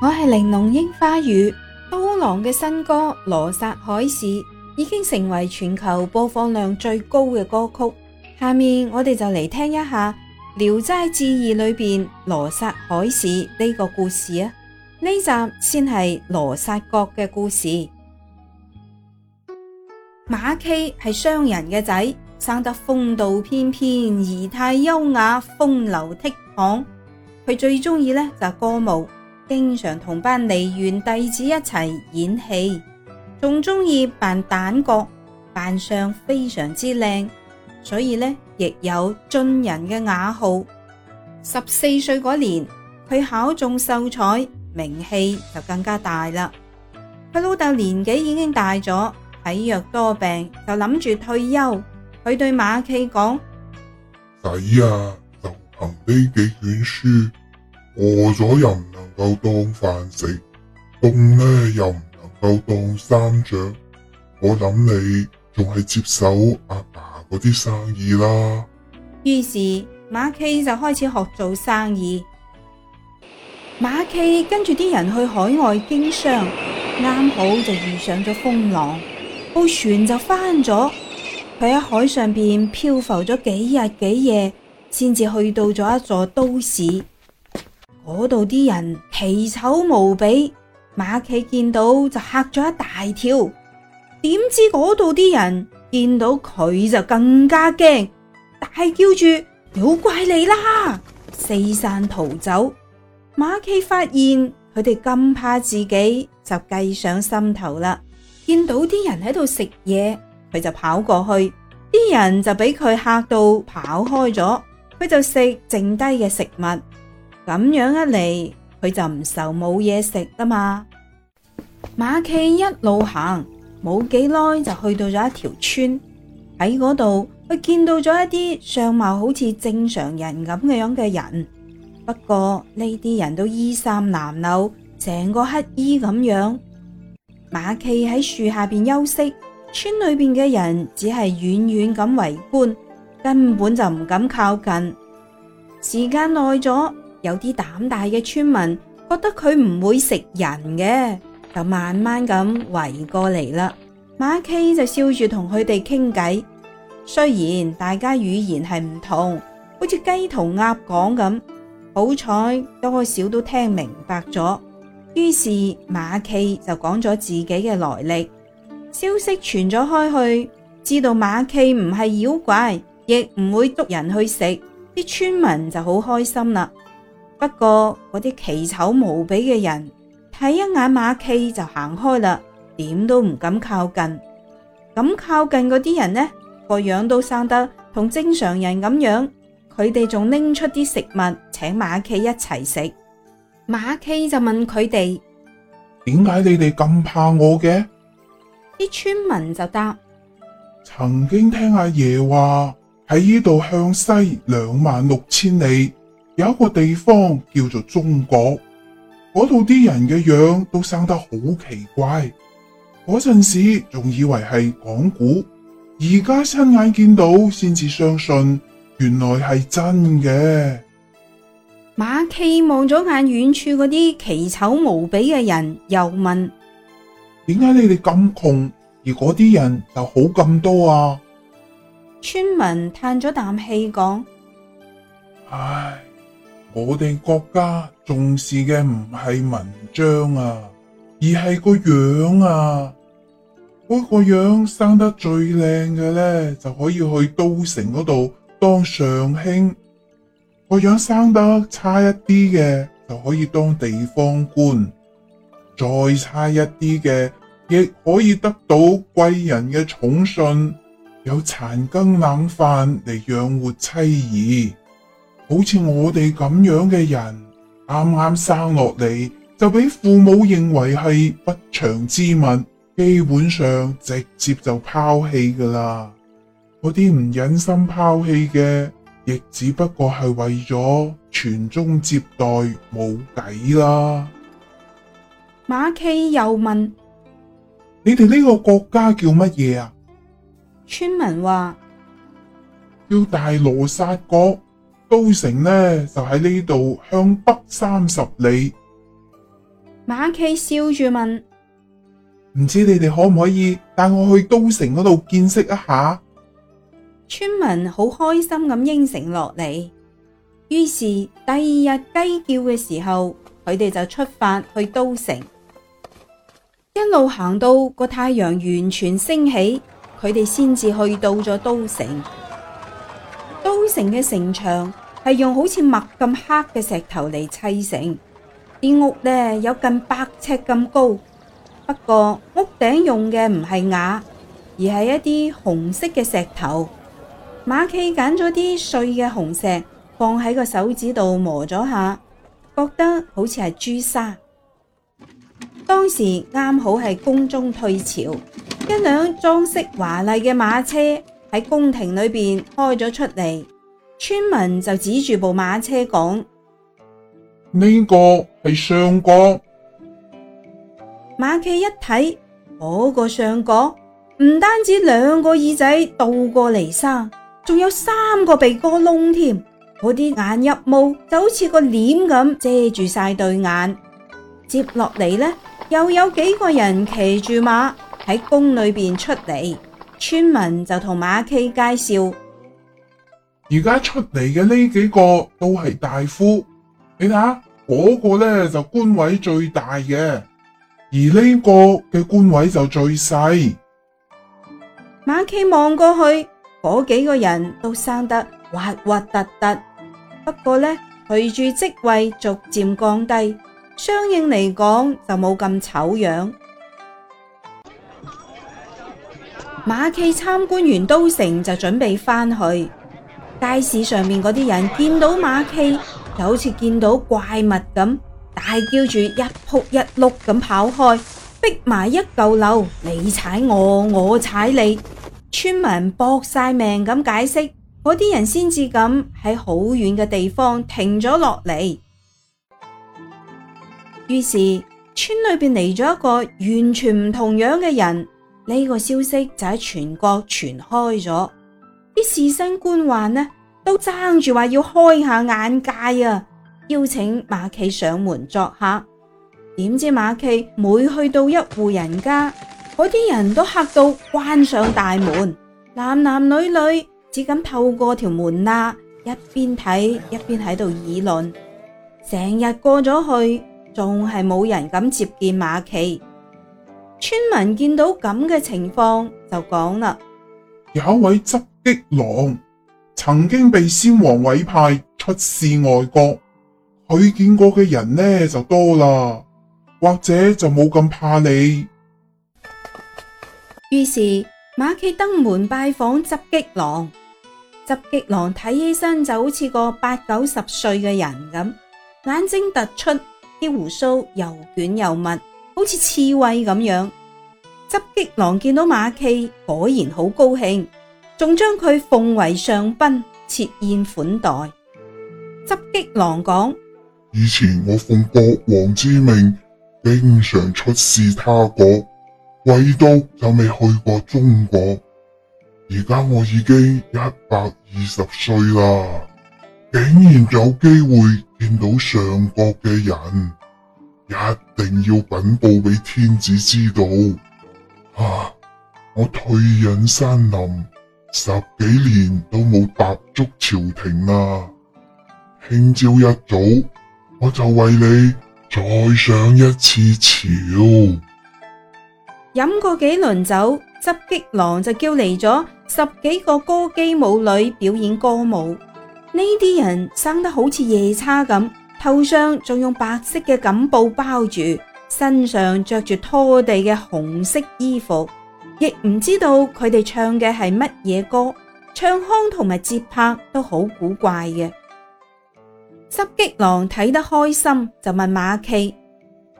我係玲瓏櫻花雨，刀郎嘅新歌《羅剎海市》已經成為全球播放量最高嘅歌曲。下面我哋就嚟聽一下《聊齋志異》裏邊《羅剎海市》呢、這個故事啊。呢集先係羅剎國嘅故事。馬驥係商人嘅仔，生得風度翩翩，儀態優雅，風流倜儻。佢最中意呢就係、是、歌舞。經常同班梨園弟子一齊演戲，仲中意扮旦角，扮相非常之靚，所以呢亦有盡人嘅雅號。十四歲嗰年，佢考中秀才，名氣就更加大啦。佢老豆年紀已經大咗，體弱多病，就諗住退休。佢對馬驥講：仔啊，流行呢幾卷書。餓咗又唔能夠當飯食，凍咧又唔能夠當山腳。我諗你仲係接手阿爸嗰啲生意啦。於是馬 k 就開始學做生意。馬 k 跟住啲人去海外經商，啱好就遇上咗風浪，部船就翻咗。佢喺海上邊漂浮咗幾日幾夜，先至去到咗一座都市。嗰度啲人奇醜無比，馬企見到就嚇咗一大跳。點知嗰度啲人見到佢就更加驚，大叫住妖怪嚟啦！四散逃走。馬企發現佢哋咁怕自己，就計上心頭啦。見到啲人喺度食嘢，佢就跑過去，啲人就俾佢嚇到跑開咗，佢就食剩低嘅食物。咁樣一嚟，佢就唔愁冇嘢食啦嘛。馬驥一路行，冇幾耐就去到咗一條村。喺嗰度，佢見到咗一啲相貌好似正常人咁樣嘅人，不過呢啲人都衣衫襤褸，成個乞衣咁樣。馬驥喺樹下邊休息，村裏邊嘅人只係遠遠咁圍觀，根本就唔敢靠近。時間耐咗。有啲膽大嘅村民覺得佢唔會食人嘅，就慢慢咁圍過嚟啦。馬 k 就笑住同佢哋傾計，雖然大家語言係唔同，好似雞同鴨講咁，好彩多少都聽明白咗。於是馬 k 就講咗自己嘅來歷。消息傳咗開去，知道馬 k 唔係妖怪，亦唔會捉人去食，啲村民就好開心啦。不過嗰啲奇醜無比嘅人睇一眼馬驥就行開啦，點都唔敢靠近。咁靠近嗰啲人呢個樣都生得同正常人咁樣，佢哋仲拎出啲食物請馬驥一齊食。馬驥就問佢哋：點解你哋咁怕我嘅？啲村民就答：曾經聽阿爺話喺呢度向西兩萬六千里。有一個地方叫做中國，嗰度啲人嘅樣都生得好奇怪。嗰陣時仲以為係講古，而家親眼見到先至相信，原來係真嘅。馬驥望咗眼遠處嗰啲奇醜無比嘅人，又問：點解你哋咁窮，而嗰啲人就好咁多啊？村民嘆咗啖氣講：唉。我哋國家重視嘅唔係文章啊，而係個樣啊。嗰個樣生得最靚嘅呢，就可以去都城嗰度當上卿；個樣生得差一啲嘅，就可以當地方官；再差一啲嘅，亦可以得到貴人嘅寵信，有殘羹冷飯嚟養活妻兒。好似我哋咁樣嘅人，啱啱生落嚟就俾父母認為係不祥之物，基本上直接就拋棄噶啦。嗰啲唔忍心拋棄嘅，亦只不過係為咗傳宗接代，冇計啦。馬契又問：你哋呢個國家叫乜嘢啊？村民話：叫大羅剎國。都城呢，就喺呢度，向北三十里。馬驥笑住問：唔知你哋可唔可以帶我去都城嗰度見識一下？村民好開心咁應承落嚟。於是第二日雞叫嘅時候，佢哋就出發去都城。一路行到個太陽完全升起，佢哋先至去到咗都城。城嘅城牆係用好似墨咁黑嘅石頭嚟砌成，啲屋呢，有近百尺咁高。不過屋頂用嘅唔係瓦，而係一啲紅色嘅石頭。馬 k i 揀咗啲碎嘅紅石，放喺個手指度磨咗下，覺得好似係朱砂。當時啱好係宮中退潮，一輛裝飾華麗嘅馬車喺宮廷裏邊開咗出嚟。村民就指住部馬車講：呢個係相國。馬驥一睇，嗰、那個相國唔單止兩個耳仔倒過嚟生，仲有三個鼻哥窿添。嗰啲眼入毛就好似個簾咁遮住晒對眼。接落嚟呢，又有幾個人騎住馬喺宮裏邊出嚟。村民就同馬驥介紹。而家出嚟嘅呢幾個都係大夫，你睇下嗰個呢，就官位最大嘅，而呢個嘅官位就最細。馬驥望過去，嗰幾個人都生得滑滑突突，不過呢，隨住職位逐漸降低，相應嚟講就冇咁醜樣。馬驥參觀完都城，就準備翻去。街市上面嗰啲人見到馬驥，就好似見到怪物咁，大叫住一仆一碌咁跑開，逼埋一舊樓，你踩我，我踩你。村民搏晒命咁解釋，嗰啲人先至咁喺好遠嘅地方停咗落嚟。於是，村裏邊嚟咗一個完全唔同樣嘅人，呢個消息就喺全國傳開咗。啲士紳官宦呢，都爭住話要開下眼界啊！邀請馬驥上門作客，點知馬驥每去到一戶人家，嗰啲人都吓到關上大門，男男女女只敢透過條門罅一邊睇一邊喺度議論，成日過咗去仲係冇人敢接見馬驥。村民見到咁嘅情況就講啦：有位執。戟郎曾經被先王委派出使外國，佢見過嘅人呢就多啦，或者就冇咁怕你。於是馬驥登門拜訪執戟郎，執戟郎睇起身就好似個八九十歲嘅人咁，眼睛突出，啲鬍鬚又卷又密，好似刺蝟咁樣。執戟郎見到馬驥，果然好高興。仲將佢奉為上賓，設宴款待。執戟郎講：以前我奉國王之命，經常出使他國，唯獨就未去過中國。而家我已經一百二十歲啦，竟然有機會見到上國嘅人，一定要稟報俾天子知道。啊！我退隱山林。十幾年都冇踏足朝廷啦，聽朝一早我就為你再上一次朝。飲過幾輪酒，執戟郎就叫嚟咗十幾個歌姬舞女表演歌舞。呢啲人生得好似夜叉咁，頭上仲用白色嘅錦布包住，身上着住拖地嘅紅色衣服。亦唔知道佢哋唱嘅係乜嘢歌，唱腔同埋節拍都好古怪嘅。執戟郎睇得開心就問馬驥：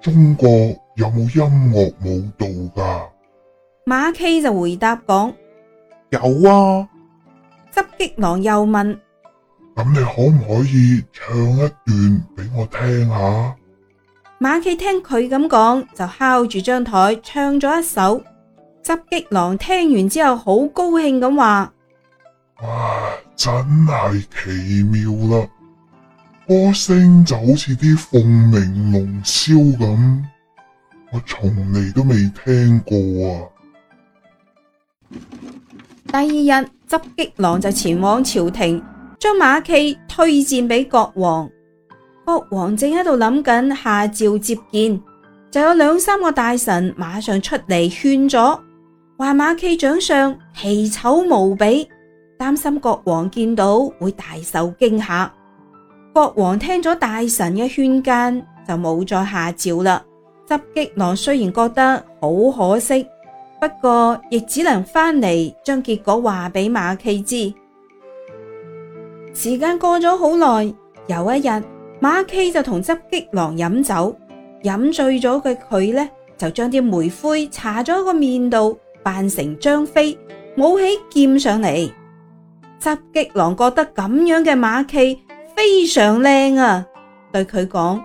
中國有冇音樂舞蹈噶？馬驥就回答講：有啊。執戟郎又問：咁你可唔可以唱一段俾我聽下？馬驥聽佢咁講就敲住張台唱咗一首。執戟郎聽完之後，好高興咁話：哇，真係奇妙啦！歌聲就好似啲鳳鳴龍嘯咁，我從嚟都未聽過啊！第二日，執戟郎就前往朝廷，將馬驥推薦俾國王。國王正喺度諗緊下詔接見，就有兩三個大臣馬上出嚟勸阻。.話馬驥長相奇醜無比，擔心國王見到會大受驚嚇。國王聽咗大臣嘅勸諫，就冇再下詔啦。執戟郎雖然覺得好可惜，不過亦只能翻嚟將結果話俾馬驥知。時間過咗好耐，有一日，馬驥就同執戟郎飲酒，飲醉咗嘅佢呢，就將啲煤灰搽咗個面度。扮成張飛，舞起劍上嚟。執戟郎覺得咁樣嘅馬驥非常靚啊，對佢講：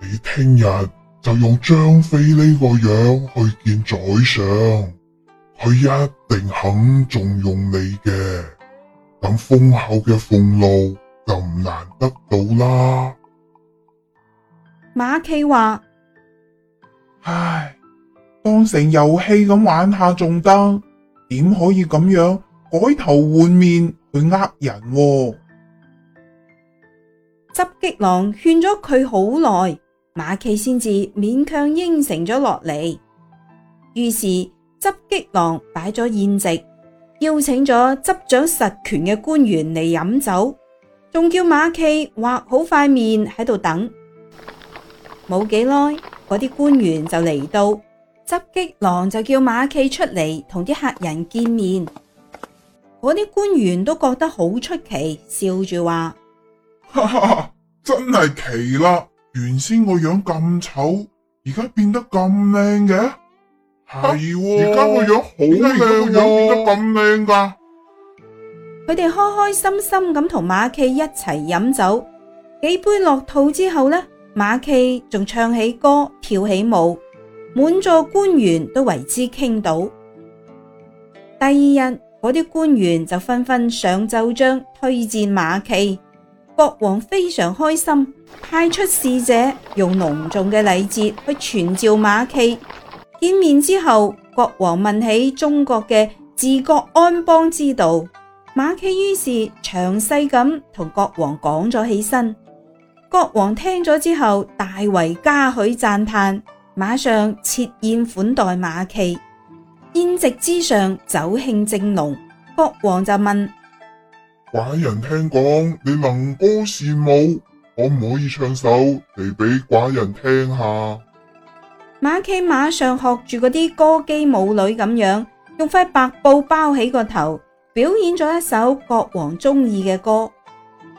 你聽日就用張飛呢個樣去見宰相，佢一定肯重用你嘅。咁豐厚嘅俸祿，就唔難得到啦。馬驥話：唉。當成遊戲咁玩下仲得，點可以咁樣改頭換面去呃人啊？執戟郎勸咗佢好耐，馬驥先至勉強應承咗落嚟。於是執戟郎擺咗宴席，邀請咗執掌實權嘅官員嚟飲酒，仲叫馬驥畫好塊面喺度等。冇幾耐，嗰啲官員就嚟到。執戟郎就叫馬驥出嚟同啲客人見面，嗰啲官員都覺得好出奇，笑住話： 真係奇啦！原先個樣咁醜，而家變得咁靚嘅，係而家個樣好靚，個樣變得咁靚噶。佢哋開開心心咁同馬驥一齊飲酒，幾杯落肚之後呢，馬驥仲唱起歌，跳起舞。滿座官員都為之傾倒。第二日，嗰啲官員就紛紛上奏章推薦馬驥，國王非常開心，派出使者用隆重嘅禮節去傳召馬驥。見面之後，國王問起中國嘅治國安邦之道，馬驥於是詳細咁同國王講咗起身。國王聽咗之後，大為嘉許讚嘆。馬上設宴款待馬岐，宴席之上酒興正濃。國王就問：寡人聽講你能歌善舞，可唔可以唱首嚟俾寡人聽下？馬岐馬上學住嗰啲歌姬舞女咁樣，用塊白布包起個頭，表演咗一首國王中意嘅歌。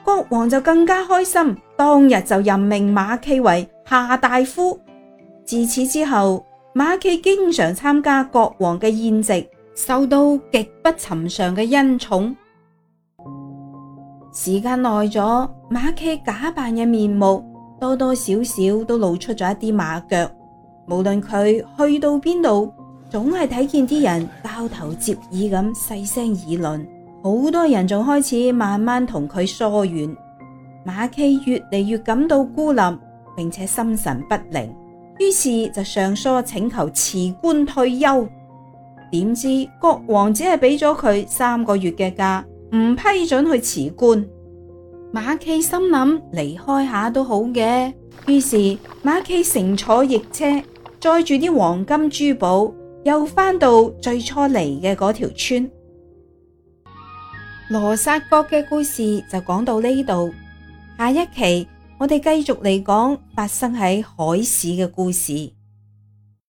國王就更加開心，當日就任命馬岐為下大夫。自此之後，馬驥經常參加國王嘅宴席，受到極不尋常嘅恩寵。時間耐咗，馬驥假扮嘅面目多多少少都露出咗一啲馬腳。無論佢去到邊度，總係睇見啲人交頭接耳咁細聲議論。好多人仲開始慢慢同佢疏遠。馬驥越嚟越感到孤立，並且心神不寧。於是就上疏請求辭官退休，點知國王只係俾咗佢三個月嘅假，唔批准去辭官。馬驥心諗離開下都好嘅，於是馬驥乘坐驛車，載住啲黃金珠寶，又翻到最初嚟嘅嗰條村。羅剎國嘅故事就講到呢度，下一期，我哋繼續嚟講發生喺海市嘅故事。